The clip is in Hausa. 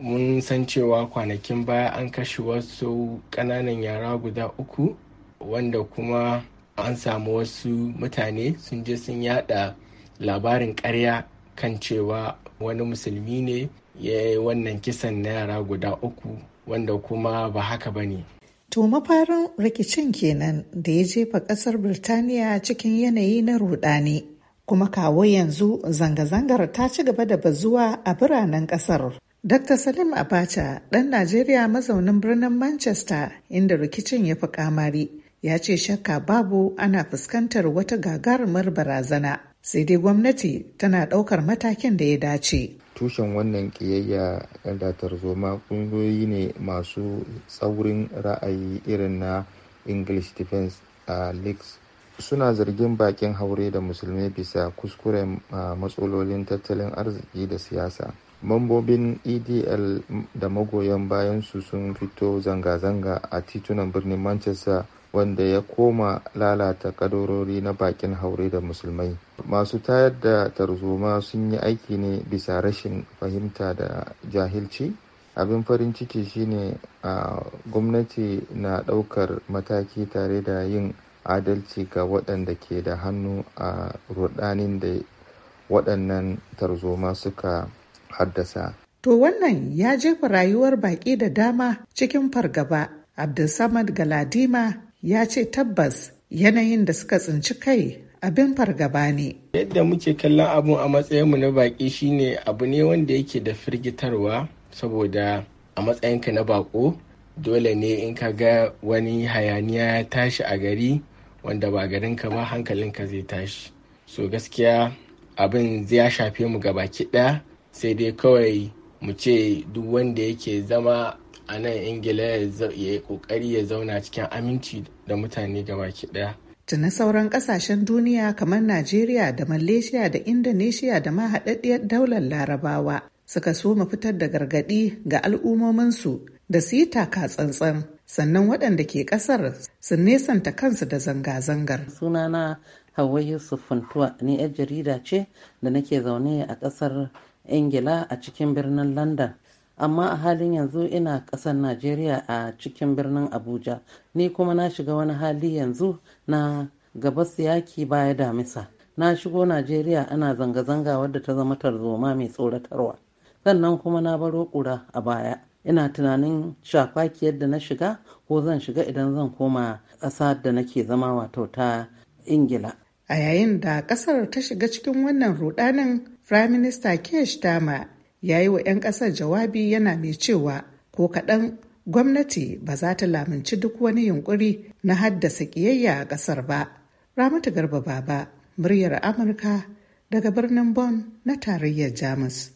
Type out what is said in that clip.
mun san cewa kwanakin baya an kashe wasu ƙananan yara guda uku wanda kuma an samu wasu mutane sun je sun yada labarin ƙarya kan cewa wani musulmi ne ya yi wannan kisan na yara guda uku wanda kuma ba haka ba ne. To mafarin rikicin kenan da ya jefa kasar Birtaniya cikin yanayi na rudani kuma kawo yanzu zanga-zangar ta ci gaba da bazuwa a biranen kasar Dr. Salim Abacha, ɗan Najeriya mazaunin birnin Manchester inda rikicin ya fi kamari, ya ce shakka babu ana fuskantar wata gagarumar barazana. Sai dai gwamnati tana ɗaukar matakin da ya dace. Tushen wannan ƙiyayya da tarzoma ƙungiyoyi ne masu tsaurin ra'ayi irin na English Defense uh, Leagues suna zargin bakin haure da musulmi bisa kuskuren matsalolin tattalin arziki da siyasa. Mambobin EDL da magoyan bayansu sun fito zanga-zanga a titunan birnin Manchester wanda ya koma lalata kadarori na bakin haure da musulmai. Masu tayar da tarzoma sun yi aiki ne bisa rashin fahimta da jahilci. Abin farin ciki shine a gwamnati na ɗaukar mataki tare da yin adalci ga waɗanda ke da hannu a rudanin da waɗannan tarzoma suka haddasa. To wannan ya jefa rayuwar baƙi da dama cikin fargaba. Abdulsamad Galadima ya ce tabbas yanayin da suka tsinci kai abin fargaba ne. Yadda muke kallon abun a matsayinmu na baƙi shine abu ne wanda yake da firgitarwa saboda a matsayinka na baƙo dole ne in ka ga wani hayaniya ya tashi a gari wanda ba garinka ba hankalinka zai tashi. So gaskiya abin zai shafe mu ga baki ɗaya sai dai kawai mu ce duk wanda yake zama a nan ingila ya yi kokari ya zauna cikin aminci da mutane gaba ke daya tuni sauran kasashen duniya kamar najeriya da malaysia da indonesia da ma haɗaɗɗiyar daular larabawa suka so fitar da gargaɗi ga al'ummominsu da su yi taka tsantsan sannan waɗanda ke ƙasar su nesanta kansu da zanga-zangar sunana hawa yusuf funtuwa ne yar jarida ce da nake zaune a ƙasar ingila a cikin birnin london amma a halin yanzu ina ƙasar najeriya a cikin birnin abuja ni kuma na shiga wani hali yanzu na gabas yaki baya damisa na shigo najeriya ana zanga-zanga wadda ta zama tarzoma mai tsoratarwa sannan kuma na baro ƙura a baya ina tunanin shafaki yadda na shiga ko zan shiga idan zan koma ƙasa da nake zama wato ta ingila a yayin da ƙasar ta shiga cikin wannan rudanin Firaminista Keir Starmer ya yi wa 'yan ƙasar jawabi yana mai cewa ko kaɗan gwamnati ba za ta lamunci duk wani yunƙuri na haddasa ƙiyayya a ƙasar ba. Ramatu Garba Baba, muryar Amurka daga birnin Bonn na tarayyar Jamus.